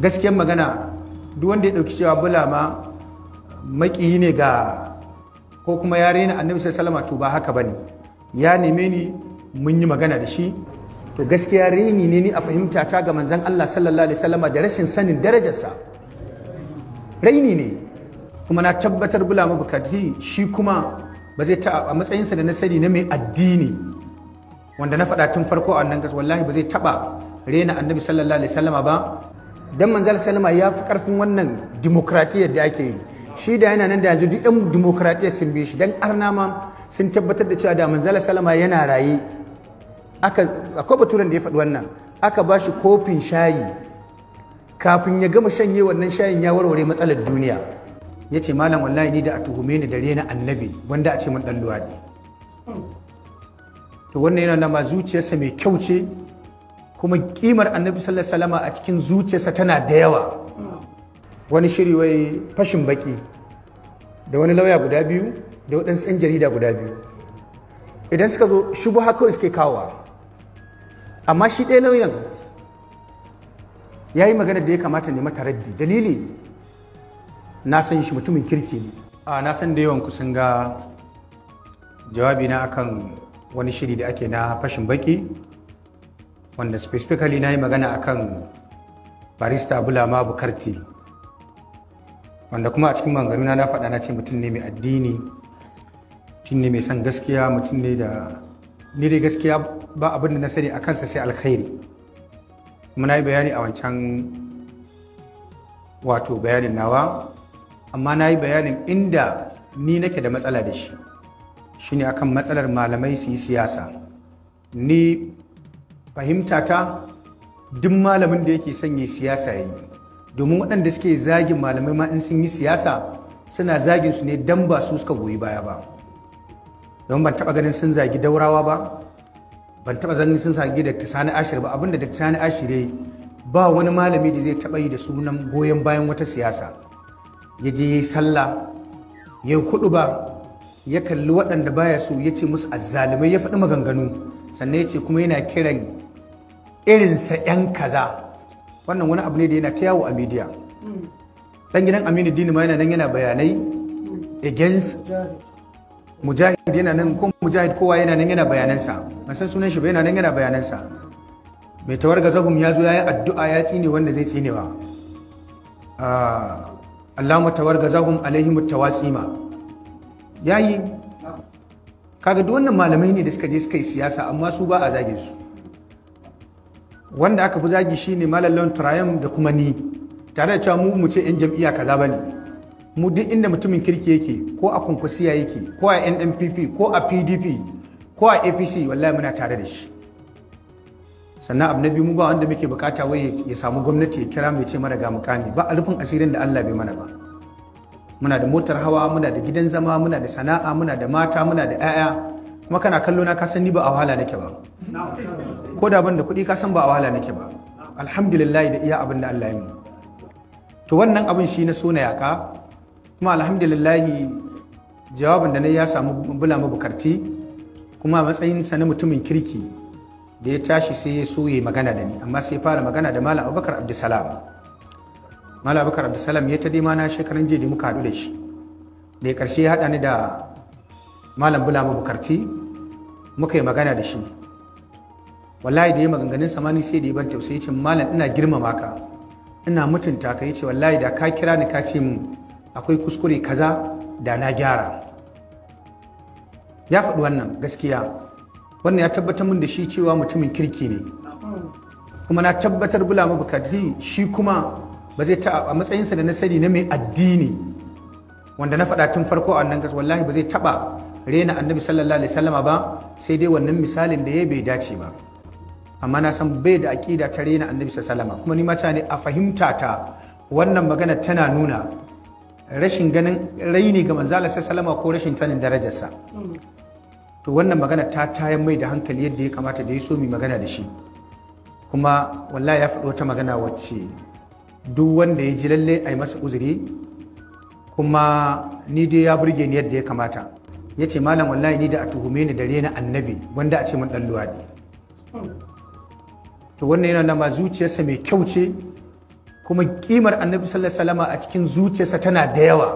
gaskiyar magana duk wanda ya ɗauki cewa bulama maƙiyi ne ga ko kuma ya raina annabi sai salama to ba haka bane ya neme ni mun yi magana da shi to gaskiya raini ne ni a fahimta ta ga manzon Allah sallallahu alaihi wasallama da rashin sanin darajarsa raini ne kuma na tabbatar bulama bukati shi kuma ba zai ta a matsayinsa da na sani na mai addini wanda na faɗa tun farko a nan wallahi ba zai taɓa raina annabi sallallahu alaihi wasallama ba dan manzal salama ya fi karfin wannan dimokratiyar da ake yi shi da yana nan da yanzu duk 'yan dimokratiyar sun bi shi dan arna ma sun tabbatar da cewa da manzal salama yana raye aka akwai baturan da ya faɗi wannan aka ba shi kofin shayi kafin ya gama shanye wannan shayin ya warware matsalar duniya ya ce malam wallahi ni da a tuhume ni da rena annabi wanda a ce mun dan luwaɗi to wannan yana nama zuciyarsa mai kyau ce kuma kimar annabi sallallahu alaihi wasallam a cikin zuciyarsa tana da yawa wani shiri wai fashin baki da wani lauya guda biyu da waɗansu 'yan jarida guda biyu idan suka zo shubu haka suke kawowa amma shi ɗaya lauyan ya yi magana da ya kamata ne mata raddi dalili na san shi mutumin kirki ne a na san da yawan kusan ga jawabi na akan wani shiri da ake na fashin baki wanda specifically na yi magana akan barista bulama bukarti wanda kuma a cikin mangaruna na faɗa na ce mutum ne mai addini mutum ne mai son gaskiya mutum ne da ni gaskiya ba abin da na sani a kansa sai alkhairi kuma na yi bayani a wancan wato bayanin nawa amma na yi bayanin inda ni nake da matsala da shi shine akan matsalar malamai su yi siyasa ni fahimta ta duk malamin da yake sanya siyasa yi domin waɗanda suke zagin malamai ma in sun yi siyasa suna zagin su ne dan ba su suka goyi baya ba don ban taɓa ganin sun zagi daurawa ba ban taɓa ganin sun zagi da sani ashir ba abinda da sani ashir ba wani malami da zai taɓa yi da sunan goyon bayan wata siyasa ya je ya yi sallah ya yi kuɗu ba ya kalli waɗanda baya so ya ce musu azzalumai ya faɗi maganganu sannan ya ce kuma yana kiran irinsa 'yan kaza wannan wani abu ne da yana ta yawo a media dan gidan aminu dini ma yana nan yana bayanai against mujahid yana nan ko mujahid kowa yana nan yana bayanansa ban san sunan shi ba yana nan yana bayanansa mai tawarga zahum ya zo ya yi addu'a ya tsine wanda zai tsinewa ah, Allahumma tawarga zahum alaihim tawasima yayi kaga duk wannan malamai ne da suka je suka yi siyasa amma su ba a zage su wanda aka fi zagi shi ne malallon turayen da kuma ni tare da cewa mu mu ce yan jam'iyya kaza bane mu duk inda mutumin kirki yake ko a kunkusiya yake ko a NNPP ko a PDP ko a APC wallahi muna tare da shi sannan abu na biyu mu ba wanda muke bukata wai ya samu gwamnati ya kira mai ce mara ga mukami ba a rufin asirin da Allah bai mana ba muna da motar hawa muna da gidan zama muna da sana'a muna da mata muna da 'ya'ya kuma kana kallo na kasan ni ba a wahala nake ba ko da ban da kuɗi kasan ba a wahala nake ba alhamdulillah da iya abin da Allah ya mu to wannan abin shi na sona yaka kuma alhamdulillah jawabin da na ya samu bula bukarti kuma a matsayin sa na mutumin kirki da ya tashi sai ya so ya magana da ni amma sai fara magana da malam abubakar abdulsalam malam abubakar abdulsalam ya ta dai shekaran jiya da muka haɗu da shi da ya karshe ya haɗa ni da malam bula bukarti muka yi magana da shi wallahi da ya maganganun samani sai da ya ban tausayi ce malam ina girmama ka ina mutunta ka ce wallahi da ka kira ni ka ce min akwai kuskure kaza da na gyara ya faɗi wannan gaskiya wannan ya tabbatar min da shi cewa mutumin kirki ne kuma na tabbatar bula mabukati shi kuma ba zai ta a matsayinsa da na sani na mai addini wanda na faɗa tun farko a nan gas wallahi ba zai taɓa rena annabi sallallahu alaihi wasallama ba sai dai wannan misalin da ya bai dace ba amma na san bai da aƙida ta rena annabi sallallahu alaihi kuma ni mata ne a fahimta ta wannan magana tana nuna rashin ganin raini ga manzala sallallahu ko rashin tanin darajarsa mm. to wannan magana ta tayan mai da hankali yadda ya kamata da ya so mai magana da shi kuma wallahi ya faɗi wata magana wacce duk wanda ya ji lalle a yi masa uzuri kuma ni dai ya burge ni yadda ya kamata ya ce malam wallahi ni da a tuhume ni da rena annabi wanda a ce mun dan luwaɗi to wannan yana nama zuciyarsa mai kyau ce kuma kimar annabi sallallahu alaihi wasallam a cikin zuciyarsa tana da yawa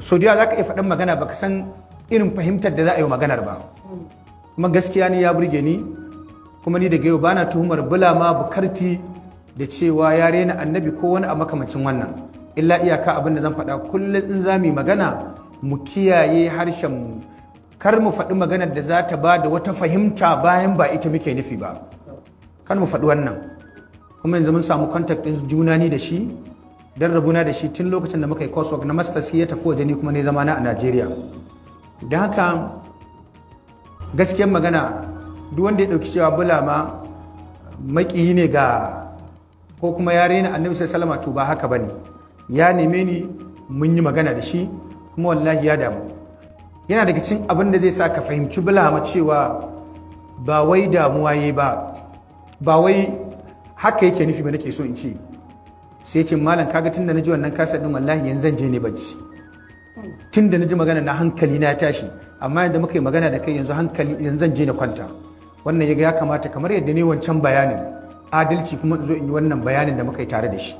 so da za ka iya faɗin magana baka san irin fahimtar da za a yi maganar ba kuma gaskiya ne ya burge ni kuma ni daga yau ba na tuhumar bulama bukarti da cewa ya rena annabi ko wani a makamancin wannan illa iyaka abin da zan faɗa kullum in za mu magana mu kiyaye harshen mu kar mu faɗi maganar da za ta ba da wata fahimta bayan ba ita muke nufi ba kar mu faɗi wannan kuma yanzu mun samu contact ɗin juna ni da shi dan rabuna da shi tun lokacin da muka yi coursework na sai ya tafi waje ni kuma ne zama na a Najeriya dan haka gaskiyar magana duk wanda ya dauki cewa bulama makiyi ne ga ko kuma ya raina annabi sai salama to ba haka bane ya neme ni mun yi magana da shi kuma wallahi ya damu yana daga cikin abin da zai sa ka fahimci ma cewa ba wai damuwa ya ba ba wai haka yake nufi ba nake so in ce sai ce malam kaga tun da ji wannan kasa din wallahi yanzu zan je ne bacci tun da ji magana na hankali na tashi amma yadda muka yi magana da kai yanzu hankali yanzu zan je na kwanta wannan yaga ya kamata kamar yadda ne wancan bayanin adalci kuma in zo in yi wannan bayanin da muka yi tare da shi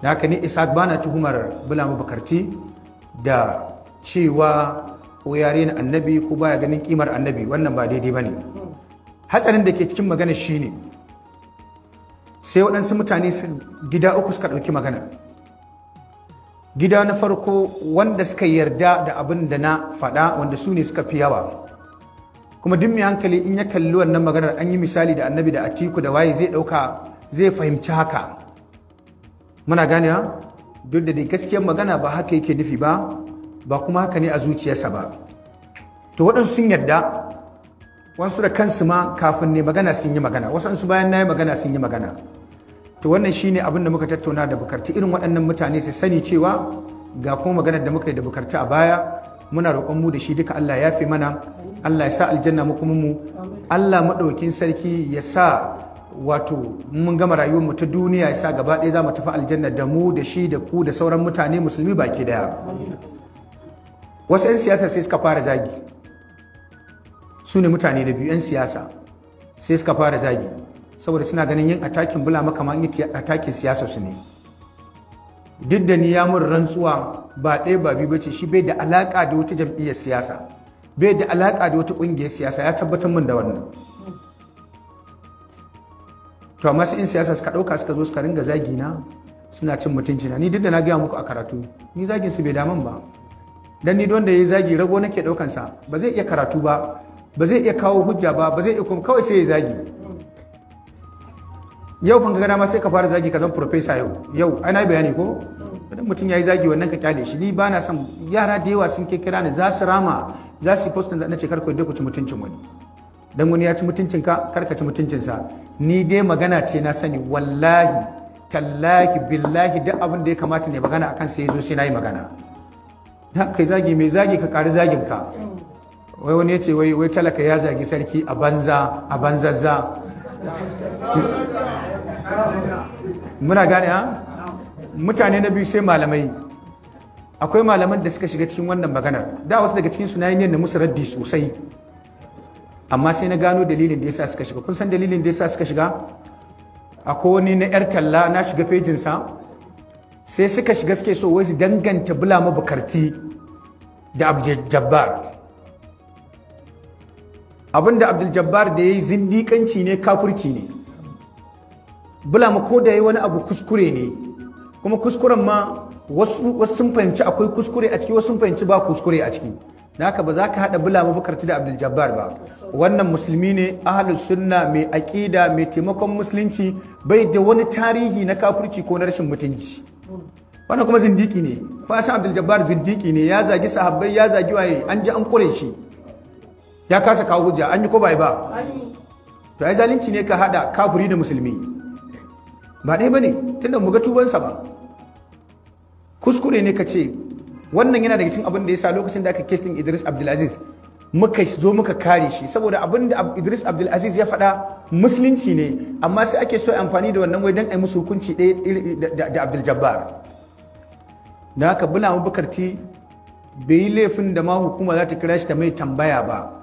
da haka ne isaac bana tuhumar bulama bakarti da cewa ko yare annabi ko baya ganin kimar annabi wannan ba daidai ba ne. hatsarin da ke cikin magana shi ne. sai waɗansu mutane gida uku suka ɗauki magana gida na farko wanda suka yarda da abin da na faɗa wanda su ne suka fi yawa kuma duk mai hankali in ya kalli wannan maganar an yi misali da annabi da atiku da waye zai ɗauka zai fahimci haka muna ganewa duk da dai gaskiyar magana ba haka yake nufi ba ba kuma haka ne a zuciyarsa ba to waɗansu sun yadda wasu da kansu ma kafin ne magana sun yi magana wasu bayan na yi magana sun yi magana to wannan shine abin da muka tattauna da bukarti irin waɗannan mutane su sani cewa ga kuma maganar da muka yi da bukarti a baya muna roƙon mu da shi duka Allah ya fi mana Allah ya sa aljanna mu kuma mu Allah madaukin sarki ya sa wato mun gama rayuwar mu ta duniya ya sa gaba ɗaya za mu tafi aljanna da mu da shi da ku da sauran mutane musulmi baki daya wasu 'yan siyasa sai suka fara zagi su ne mutane da biyu 'yan siyasa sai suka fara zagi saboda suna ganin yin atakin bula maka ma atakin siyasa su ne duk da ni ya mun rantsuwa ba ɗaya ba biyu bace shi bai da alaƙa da wata jam'iyyar siyasa bai da alaƙa da wata ƙungiyar siyasa ya tabbatar min da wannan to amma sai in siyasa suka ɗauka suka zo suka ringa zagi na suna cin mutunci na ni duk da na gaya muku a karatu ni zagin su bai daman ba dan ni wanda ya zagi rago nake daukan sa ba zai iya karatu ba ba zai iya kawo hujja ba ba zai iya kuma kawai sai ya zagi yau kan ga dama sai ka fara zagi ka zan professor yau yau ai ana bayani ko idan mutum ya zagi wannan ka kyale shi ni ba na son yara da yawa sun kira ni za su rama za su yi na ce karku da ku ci mutuncin wani dan wani ya ci mutuncin ka karka ci mutuncinsa ni dai magana ce na sani wallahi tallahi billahi duk abin da ya kamata ne magana akan sai ya zo sai nayi magana kai zagi mai zagi ka kari zagin ka wai wani ya ce wai talaka ya zagi sarki a banza a banzazza muna gane ha mutane na biyu sai malamai akwai malaman da suka shiga cikin wannan maganar da wasu daga cikin su na yin musu raddi sosai amma sai na gano dalilin da yasa suka shiga kun san dalilin da yasa suka shiga akwai wani na yar talla na shiga fejinsa sai suka shiga suke so wai su danganta bula mabukarti da abdul-jabbar abinda abdul-jabbar da ya yi zindikanci ne kafurci ne ma ko da ya yi wani abu kuskure ne kuma kuskuren ma wasu sun fahimci akwai kuskure a ciki wasu sun fahimci ba kuskure a ciki naka ba za ka haɗa bula mabukarti da abdul jabbar ba wannan musulmi ne ahalus sunna mai aƙida mai taimakon musulunci bai da wani tarihi na kafurci ko na rashin mutunci wannan kuma zindiki ne fa san Abdul Jabbar zindiki ne ya zagi sahabbai ya zagi waye an ji an kure shi ya kasa kawo hujja an yi ko bai ba to ai zalunci ne ka hada kafiri da musulmi ba dai bane tunda mu ga tubansa ba kuskure ne ka ce wannan yana daga cikin abin da ya sa lokacin da aka kestin Idris Abdulaziz muka zo muka kare shi saboda abin da Idris Abdulaziz ya faɗa musulunci ne amma sai ake so amfani da wannan wai don a yi musu hukunci ɗaya da Abdul Jabbar da haka bula mabukarti bai yi laifin da ma hukuma za ta kira shi ta mai tambaya ba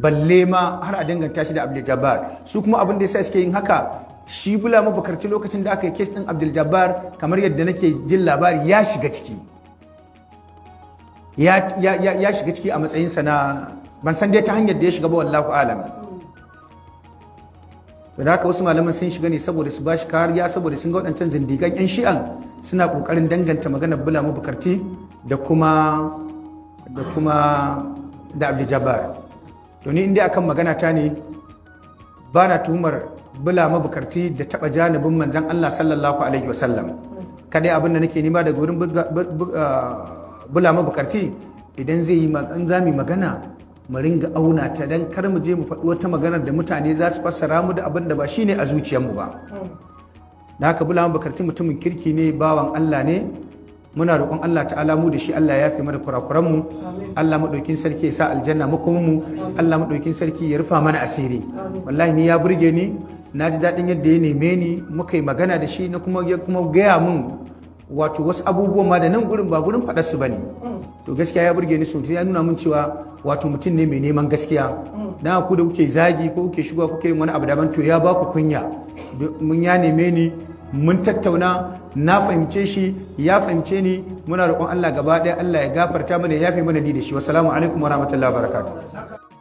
balle ma har a danganta shi da Abdul Jabbar su kuma abin da ya sa suke yin haka shi bula mabukarti lokacin da aka yi kes ɗin Abdul Jabbar kamar yadda nake jin labari ya shiga ciki ya shiga ciki a matsayinsa na ban san dai ta hanyar da ya shiga ba wallahu alam da haka wasu malaman sun shiga ne saboda su bashi kariya saboda sun ga waɗancan zindigan yan shi'an suna ƙoƙarin danganta maganar bula mabukarti da kuma da kuma da abdu jabbar to ni inda akan magana ta ne ba na tuhumar bula mabukarti da taɓa janibin manzan allah sallallahu alaihi wasallam kadai abin da nake nima daga wurin ah, bula mabukarci idan zai yi in za mu magana mu ringa auna ta don kar mu je mu faɗi wata maganar da mutane za su fassara mu da abin da ba shi ne a zuciyarmu ba da haka bula mabukarci mutumin kirki ne bawan Allah ne muna roƙon Allah ta'ala mu da shi Allah ya fi mana kurakuran mu Allah madaukin sarki ya sa aljanna makomin mu Allah madaukin sarki ya rufa mana asiri wallahi ni ya burge ni na ji daɗin yadda ya neme ni muka yi magana da shi na kuma ya kuma gaya mun wato wasu abubuwan ma da nan gurin ba gurin faɗar su bane mm. to gaskiya ya burge ni sosai ya nuna min cewa wato mutum ne mai neman gaskiya mm. na ku da kuke zagi ko kuke shigowa kuke yin wani abu daban to ya baku kunya mun ya neme ni mun tattauna na fahimce shi ya fahimce ni muna roƙon Allah gaba ɗaya Allah ya gafarta mana ya yafe mana ni da shi wassalamu alaikum warahmatullahi wabarakatuh